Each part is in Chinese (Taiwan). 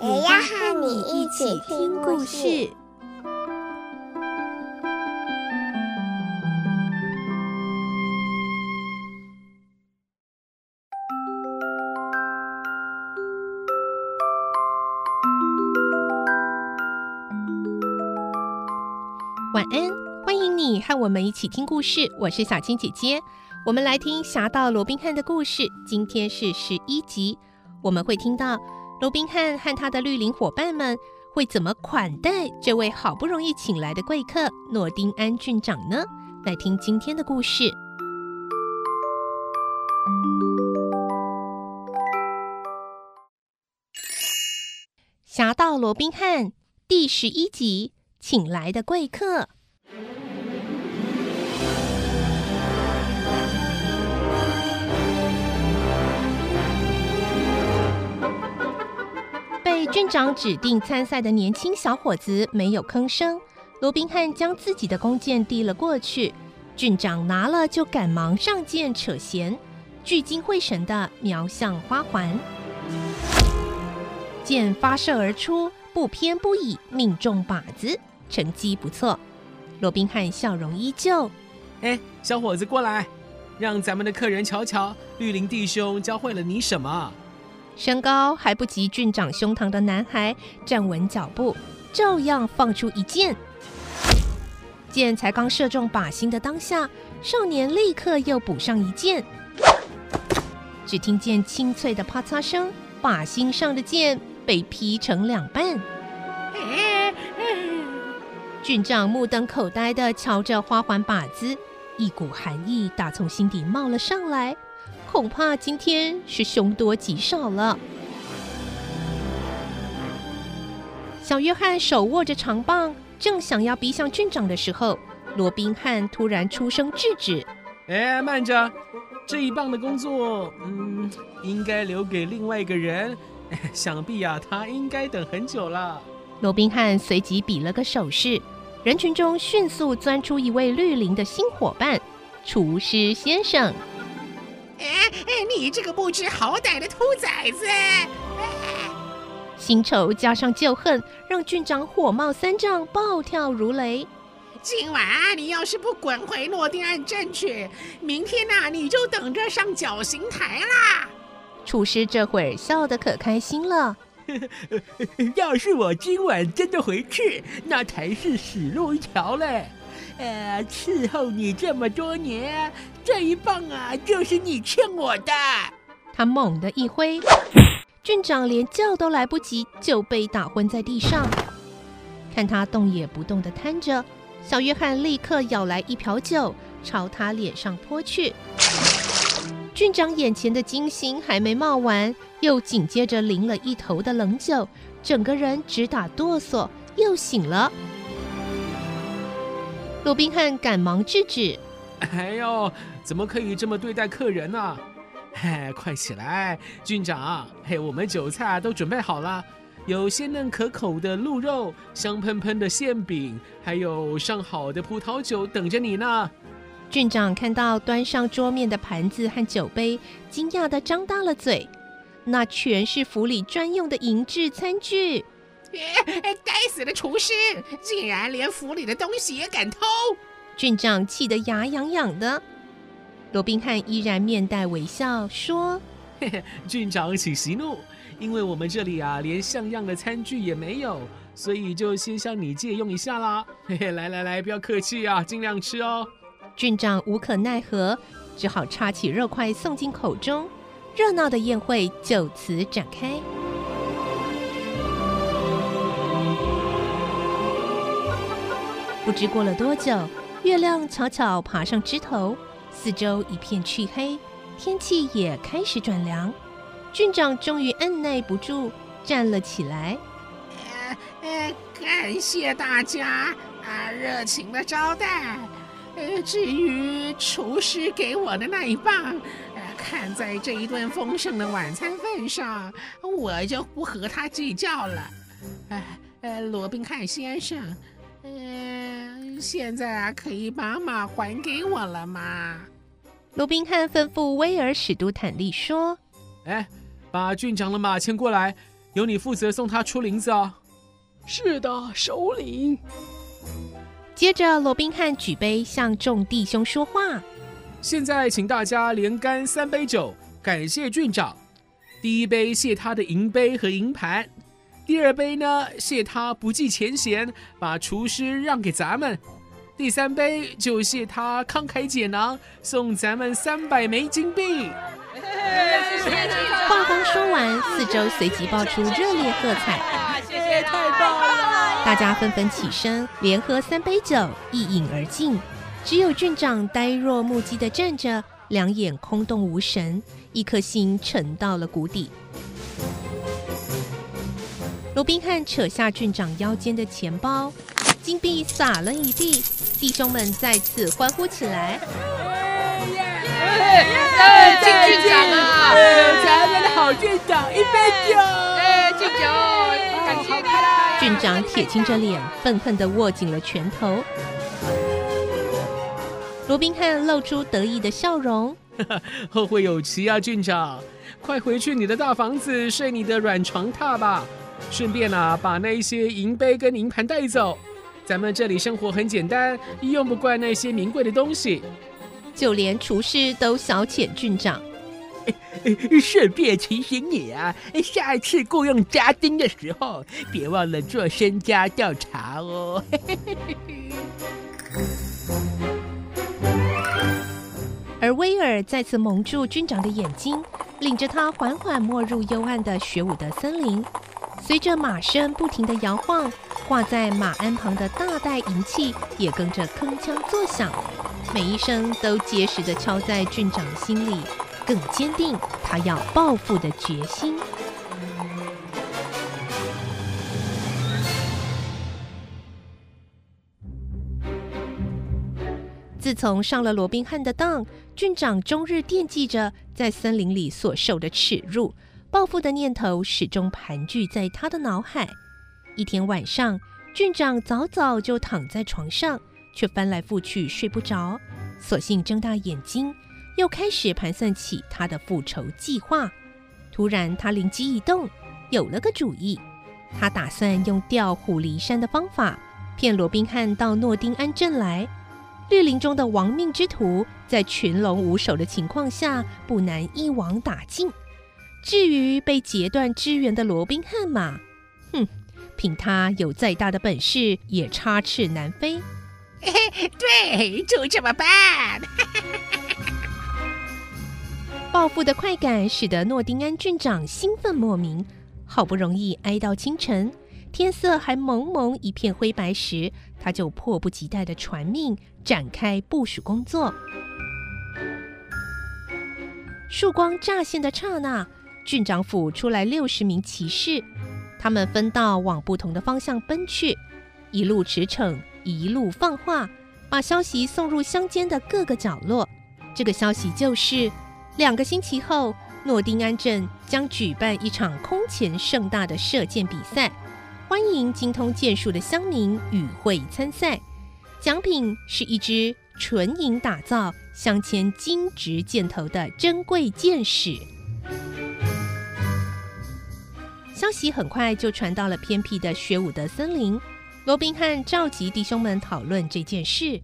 也要，也要和你一起聽故事。晚安，歡迎你和我們一起聽故事。我是小青姐姐，我們來聽《俠盜羅賓漢》的故事。今天是十一集，我們會聽到。羅賓漢和他的綠林夥伴們會怎麼款待這位好不容易請來的貴客諾丁安郡長呢？來聽今天的故事。《俠盜羅賓漢》第十一集，請來的貴客。郡長指定參賽的年輕小伙子沒有吭聲。羅賓漢將自己的弓箭遞了過去，郡長拿了就趕忙上箭扯弦，聚精會神地瞄向花環。箭發射而出，不偏不倚命中靶子，成績不錯。羅賓漢笑容依舊。哎，小伙子過來，讓咱們的客人瞧瞧，綠林弟兄教會了你什麼。身高還不及郡長胸膛的男孩站穩腳步，照樣放出一箭。箭才剛射中靶心的當下，少年立刻又補上一箭。只聽見清脆的啪嚓聲，靶心上的箭被劈成兩半。 郡長目瞪口呆的瞧着花環靶子，一股寒意打從心底冒了上來。恐怕今天是兇多吉少了。小約翰手握着長棒，正想要逼向郡長的時候，羅賓漢突然出聲制止：“哎，慢着！這一棒的工作，嗯，應該留給另外一個人。想必呀、啊，他應該等很久了。”羅賓漢隨即比了個手勢，人群中迅速鑽出一位綠林的新夥伴——廚師先生。哎哎，你這個不知好歹的兔崽子！新仇加上舊恨，讓郡長火冒三丈，暴跳如雷。今晚啊，你要是不滾回諾丁漢鎮去，明天吶，啊，你就等着上絞刑台啦！廚師這會兒笑得可開心了。 要是我今晚真的回去，那才是死路一條嘞。呃，伺候你這麼多年。這一棒啊，就是你欠我的！他猛地一揮， 郡長連叫都來不及，就被打昏在地上。看他動也不動的癱着，小約翰立刻舀來一瓢酒，朝他臉上潑去。郡長眼前的金星還沒冒完，又緊接着淋了一頭的冷酒，整個人直打哆嗦，又醒了。羅賓漢趕忙制止。哎呦，怎麼可以這麼對待客人呢、啊？嘿，快起來，郡長！嘿，我們酒菜都準備好了，有鮮嫩可口的鹿肉、香噴噴的餡餅，還有上好的葡萄酒等着你呢。郡長看到端上桌面的盤子和酒杯，驚訝地張大了嘴。那全是府裡專用的銀質餐具。哎，哎，該死的廚師，竟然連府裡的東西也敢偷！郡長氣得牙癢癢的，羅賓漢依然面帶微笑說：“嘿嘿，郡長，請息怒，因為我們這裡啊，連像樣的餐具也沒有，所以就先向你借用一下啦。嘿嘿，來來來，不要客氣啊，盡量吃哦。”郡長無可奈何，只好叉起肉塊送進口中。熱鬧的宴會就此展開。 不知過了多久。月亮悄悄爬，爬上枝頭，四周一片黢黑，天氣也開始轉涼。郡長終於按捺不住，站了起來。呃呃、感謝大家啊，熱情的招待、呃。至於廚師給我的那一棒，呃、看在這一頓豐盛的晚餐份上，我就不和他計較了、呃。羅賓漢先生，嗯、呃。現在啊，可以把馬還給我了嗎？羅賓漢吩咐威爾史都坦利說：“哎，把郡長的馬牽過來，由你負責送他出林子啊、哦。”“是的，首領。”接着，羅賓漢舉杯向眾弟兄說話：“現在，請大家連乾三杯酒，感謝郡長。第一杯，謝他的銀杯和銀盤。”第二杯呢，謝他不計前嫌，把廚師讓給咱們；第三杯就謝他慷慨解囊，送咱們三百枚金幣。話剛說完，四周隨即爆出熱烈喝彩。謝謝，謝謝，謝謝、啊、謝謝，太棒了！太棒了！大家紛紛起身，連喝三杯酒，一飲而盡。只有郡長呆若木雞地站着，兩眼空洞無神，一顆心沉到了谷底。羅賓漢扯下郡長腰間的錢包，金幣灑了一地，弟兄們再次歡呼起來。哎哎哎！長、啊、的好郡長，一杯酒。哎，敬酒，乾杯、哦啊、郡長鐵青着臉，憤恨的握緊了拳頭。羅賓漢露出得意的笑容。 後會有期啊，郡長！快回去你的大房子，睡你的軟床榻吧。順便啊，把那些銀杯跟銀盤帶走。咱們這裡生活很簡單，用不慣那些名貴的東西。就連廚師都消遣郡長。順便提醒你啊，下一次雇傭家丁的時候，別忘了做身家調查哦。 而威爾再次蒙住郡長的眼睛，領着他緩緩沒入幽暗的雪舞的森林。隨着馬身不停的搖晃，掛在馬鞍旁的大袋銀器也跟着鏗鏘作響，每一聲都結實的敲在郡長心裡，更堅定他要報復的決心。自從上了羅賓漢的當，郡長終日惦記着在森林裡所受的恥辱。報復的念頭始終盤踞在他的腦海。一天晚上，郡長早早就躺在床上，卻翻來覆去睡不着，索性睜大眼睛，又開始盤算起他的復仇計劃。突然，他靈機一動，有了個主意。他打算用調虎離山的方法，騙羅賓漢到諾丁安鎮來。綠林中的亡命之徒，在群龍無首的情況下，不難一網打盡。至於被截斷支援的羅賓漢嘛，哼，憑他有再大的本事也插翅難飛，嘿嘿。對，就這麼辦！ 報復的快感使得諾丁安郡長興奮莫名。好不容易挨到清晨，天色還蒙蒙一片灰白時，他就迫不及待的傳命展開部署工作。曙光乍現的剎那，郡長府出來六十名騎士，他們分道往不同的方向奔去，一路馳騁，一路放話，把消息送入鄉間的各個角落。這個消息就是：兩個星期後，諾丁安鎮將舉辦一場空前盛大的射箭比賽，歡迎精通箭術的鄉民與會參賽。獎品是一支純銀打造、鑲嵌金質箭頭的珍貴箭矢。消息很快就傳到了偏僻的雪伍的森林。羅賓漢召集弟兄們討論這件事。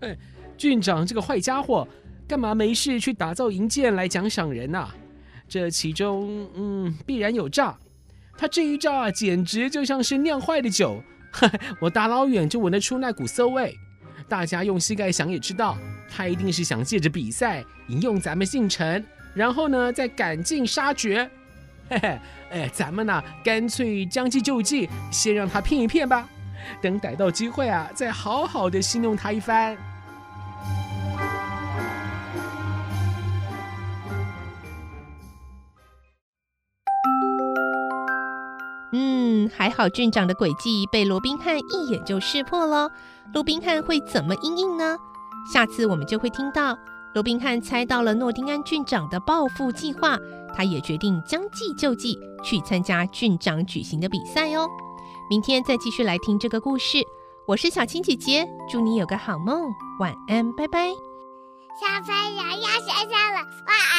哎，郡長這個壞家伙，幹嘛沒事去打造銀劍來獎賞人吶、啊？這其中，嗯，必然有詐。他這一詐簡直就像是釀壞的酒，呵呵我大老遠就聞得出那股餿味。大家用膝蓋想也知道，他一定是想借着比賽引誘咱們進城，然後呢，再趕盡殺絕。嘿嘿，哎，咱們呢，乾脆將計就計，先讓他騙一騙吧。等逮到機會啊，再好好的戲弄他一番。嗯，還好郡長的詭計被羅賓漢一眼就識破了。羅賓漢會怎麼因應呢？下次我們就會聽到羅賓漢猜到了諾丁安郡長的報復計劃。他也決定將計就計，去參加郡長舉行的比賽哦。明天再繼續來聽這個故事。我是小青姐姐，祝你有個好夢，晚安，拜拜。小朋友要睡覺了，晚安。